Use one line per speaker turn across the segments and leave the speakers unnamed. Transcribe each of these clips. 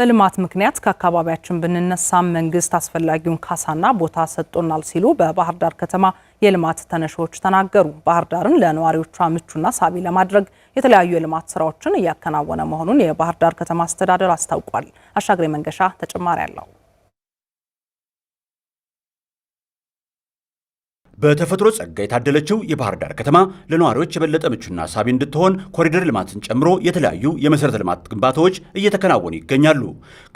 በልማት ምክንያት ከአካባቢያችን ብንነሳ መንግስት አስፈላጊውን ካሳና ቦታ ሰጥቶናል ሲሉ በባህር ዳር ከተማ የልማት ተነሺዎች ተናገሩ። ባህር ዳርን ለነዋሪዎቿ ምቹና ሳቢ ለማድረግ የተለያዩ የልማት ስራዎችን እያከናወነ መሆኑን የባህር ዳር ከተማ አስተዳደር አስታውቋል። አሻግሬ መንገሻ ተጨማሪ አለው።
በተፈጥሮ ጸጋ የታደለችው የባህር ዳር ከተማ ለነዋሪዎች የበለጠ ምቹና ሳቢ እንድትሆን ኮሪደር ልማትን ጨምሮ የተለያዩ የመሠረተ ልማት ግንባታዎች እየተከናወኑ ይገኛሉ።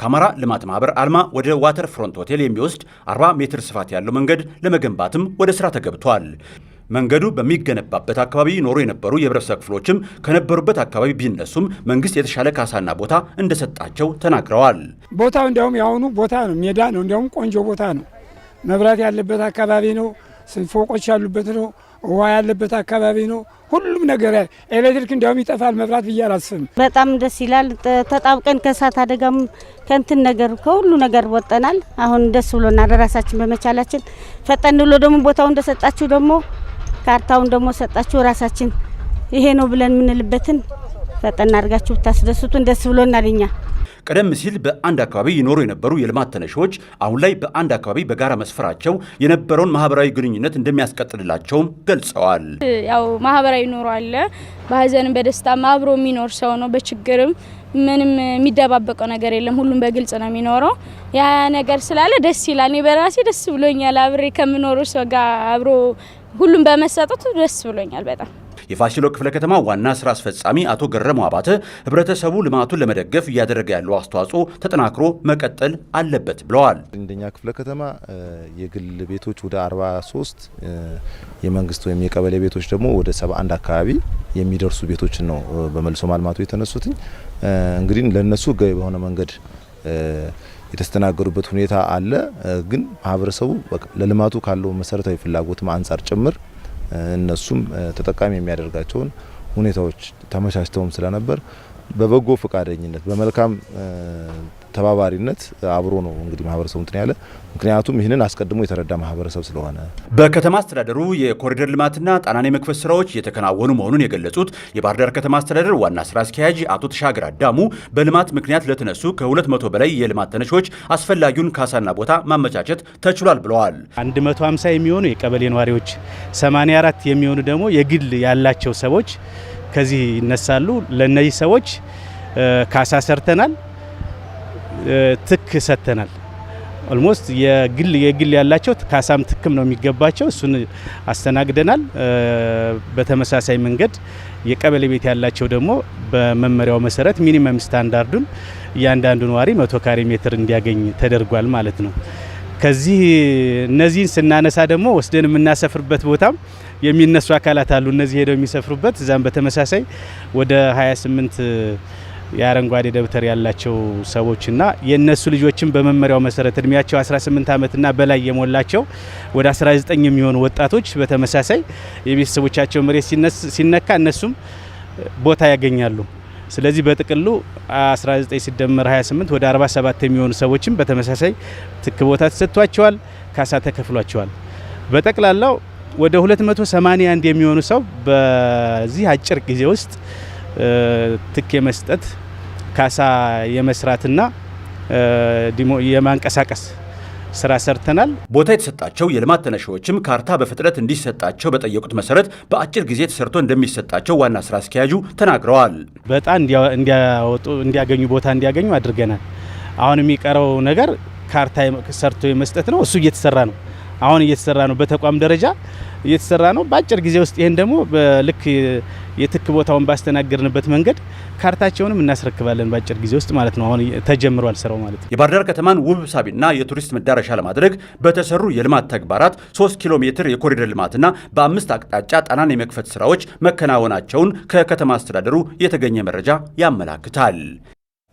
ከአማራ ልማት ማህበር አልማ ወደ ዋተር ፍሮንት ሆቴል የሚወስድ 40 ሜትር ስፋት ያለው መንገድ ለመገንባትም ወደ ስራ ተገብቷል። መንገዱ በሚገነባበት አካባቢ ኖሮ የነበሩ የህብረተሰብ ክፍሎችም ከነበሩበት አካባቢ ቢነሱም መንግስት የተሻለ ካሳና ቦታ እንደሰጣቸው ተናግረዋል።
ቦታው እንዲያውም የአሁኑ ቦታ ነው፣ ሜዳ ነው። እንዲያውም ቆንጆ ቦታ ነው። መብራት ያለበት አካባቢ ነው። ፎቆች ያሉበት ነው፣ ውሃ ያለበት አካባቢ ነው። ሁሉም ነገር ኤሌክትሪክ እንዲያውም ይጠፋል መብራት ብዬ አላስብም።
በጣም ደስ ይላል። ተጣብቀን ከእሳት አደጋም ከእንትን ነገር ከሁሉ ነገር ወጠናል። አሁን ደስ ብሎናል ራሳችን በመቻላችን። ፈጠን ብሎ ደግሞ ቦታው እንደሰጣችሁ ደግሞ ካርታውን ደግሞ ሰጣችሁ ራሳችን ይሄ ነው ብለን የምንልበትን ፈጠን አድርጋችሁ ብታስደሱትን ደስ ብሎናል እኛ
ቀደም ሲል በአንድ አካባቢ ይኖሩ የነበሩ የልማት ተነሺዎች አሁን ላይ በአንድ አካባቢ በጋራ መስፈራቸው የነበረውን ማህበራዊ ግንኙነት እንደሚያስቀጥልላቸውም ገልጸዋል።
ያው ማህበራዊ ኑሮ አለ። በሀዘንም በደስታም አብሮ የሚኖር ሰው ነው። በችግርም ምንም የሚደባበቀው ነገር የለም። ሁሉም በግልጽ ነው የሚኖረው። ያ ነገር ስላለ ደስ ይላል። እኔ በራሴ ደስ ብሎኛል። አብሬ ከምኖሩ ሰው ጋር አብሮ ሁሉም በመሰጠቱ ደስ ብሎኛል በጣም
የፋሲሎ ክፍለ ከተማ ዋና ስራ አስፈጻሚ አቶ ገረሙ አባተ ህብረተሰቡ ልማቱን ለመደገፍ እያደረገ ያለው አስተዋጽኦ ተጠናክሮ መቀጠል አለበት ብለዋል።
እንደኛ ክፍለ ከተማ የግል ቤቶች ወደ 43 የመንግስት ወይም የቀበሌ ቤቶች ደግሞ ወደ 71 አካባቢ የሚደርሱ ቤቶችን ነው በመልሶ ማልማቱ የተነሱትኝ። እንግዲህ ለነሱ ህጋዊ በሆነ መንገድ የተስተናገዱበት ሁኔታ አለ። ግን ማህበረሰቡ ለልማቱ ካለው መሰረታዊ ፍላጎትም አንጻር ጭምር እነሱም ተጠቃሚ የሚያደርጋቸውን ሁኔታዎች ተመቻችተውም ስለነበር በበጎ ፈቃደኝነት በመልካም ተባባሪነት አብሮ ነው እንግዲህ ማህበረሰቡ እንትን ያለ ምክንያቱም ይህንን አስቀድሞ የተረዳ ማህበረሰብ ስለሆነ።
በከተማ አስተዳደሩ የኮሪደር ልማትና ጣናን የመክፈት ስራዎች እየተከናወኑ መሆኑን የገለጹት የባህር ዳር ከተማ አስተዳደር ዋና ስራ አስኪያጅ አቶ ተሻገር አዳሙ በልማት ምክንያት ለተነሱ ከ200 በላይ የልማት ተነሾች አስፈላጊውን ካሳና ቦታ ማመቻቸት ተችሏል ብለዋል።
150 የሚሆኑ የቀበሌ ነዋሪዎች፣ 84 የሚሆኑ ደግሞ የግል ያላቸው ሰዎች ከዚህ ይነሳሉ። ለእነዚህ ሰዎች ካሳ ሰርተናል። ትክ ሰጥተናል። ኦልሞስት የግል የግል ያላቸው ካሳም ትክም ነው የሚገባቸው። እሱን አስተናግደናል። በተመሳሳይ መንገድ የቀበሌ ቤት ያላቸው ደግሞ በመመሪያው መሰረት ሚኒመም ስታንዳርዱን እያንዳንዱ ነዋሪ መቶ ካሬ ሜትር እንዲያገኝ ተደርጓል ማለት ነው። ከዚህ እነዚህን ስናነሳ ደግሞ ወስደን የምናሰፍርበት ቦታም የሚነሱ አካላት አሉ። እነዚህ ሄደው የሚሰፍሩበት እዛም በተመሳሳይ ወደ 28 የአረንጓዴ ደብተር ያላቸው ሰዎችና የእነሱ ልጆችን በመመሪያው መሰረት እድሜያቸው 18 ዓመትና በላይ የሞላቸው ወደ 19 የሚሆኑ ወጣቶች በተመሳሳይ የቤተሰቦቻቸው መሬት ሲነካ እነሱም ቦታ ያገኛሉ። ስለዚህ በጥቅሉ 19 ሲደመር 28 ወደ 47 የሚሆኑ ሰዎችም በተመሳሳይ ትክ ቦታ ተሰጥቷቸዋል፣ ካሳ ተከፍሏቸዋል። በጠቅላላው ወደ 281 የሚሆኑ ሰው በዚህ አጭር ጊዜ ውስጥ ትክ የመስጠት ካሳ የመስራትና የማንቀሳቀስ ስራ ሰርተናል።
ቦታ የተሰጣቸው የልማት ተነሻዎችም ካርታ በፍጥነት እንዲሰጣቸው በጠየቁት መሰረት በአጭር ጊዜ ተሰርቶ እንደሚሰጣቸው ዋና ስራ አስኪያጁ ተናግረዋል።
በጣም እንዲያወጡ እንዲያገኙ ቦታ እንዲያገኙ አድርገናል። አሁን የሚቀረው ነገር ካርታ ሰርቶ የመስጠት ነው። እሱ እየተሰራ ነው። አሁን እየተሰራ ነው። በተቋም ደረጃ እየተሰራ ነው። በአጭር ጊዜ ውስጥ ይህን ደግሞ ልክ የትክ ቦታውን ባስተናገድንበት መንገድ ካርታቸውንም እናስረክባለን በአጭር ጊዜ ውስጥ ማለት ነው። አሁን ተጀምሯል ስራው ማለት
ነው። የባህር ዳር ከተማን ውብ ሳቢና የቱሪስት መዳረሻ ለማድረግ በተሰሩ የልማት ተግባራት ሶስት ኪሎ ሜትር የኮሪደር ልማትና በአምስት አቅጣጫ ጣናን የመክፈት ስራዎች መከናወናቸውን ከከተማ አስተዳደሩ የተገኘ መረጃ ያመላክታል።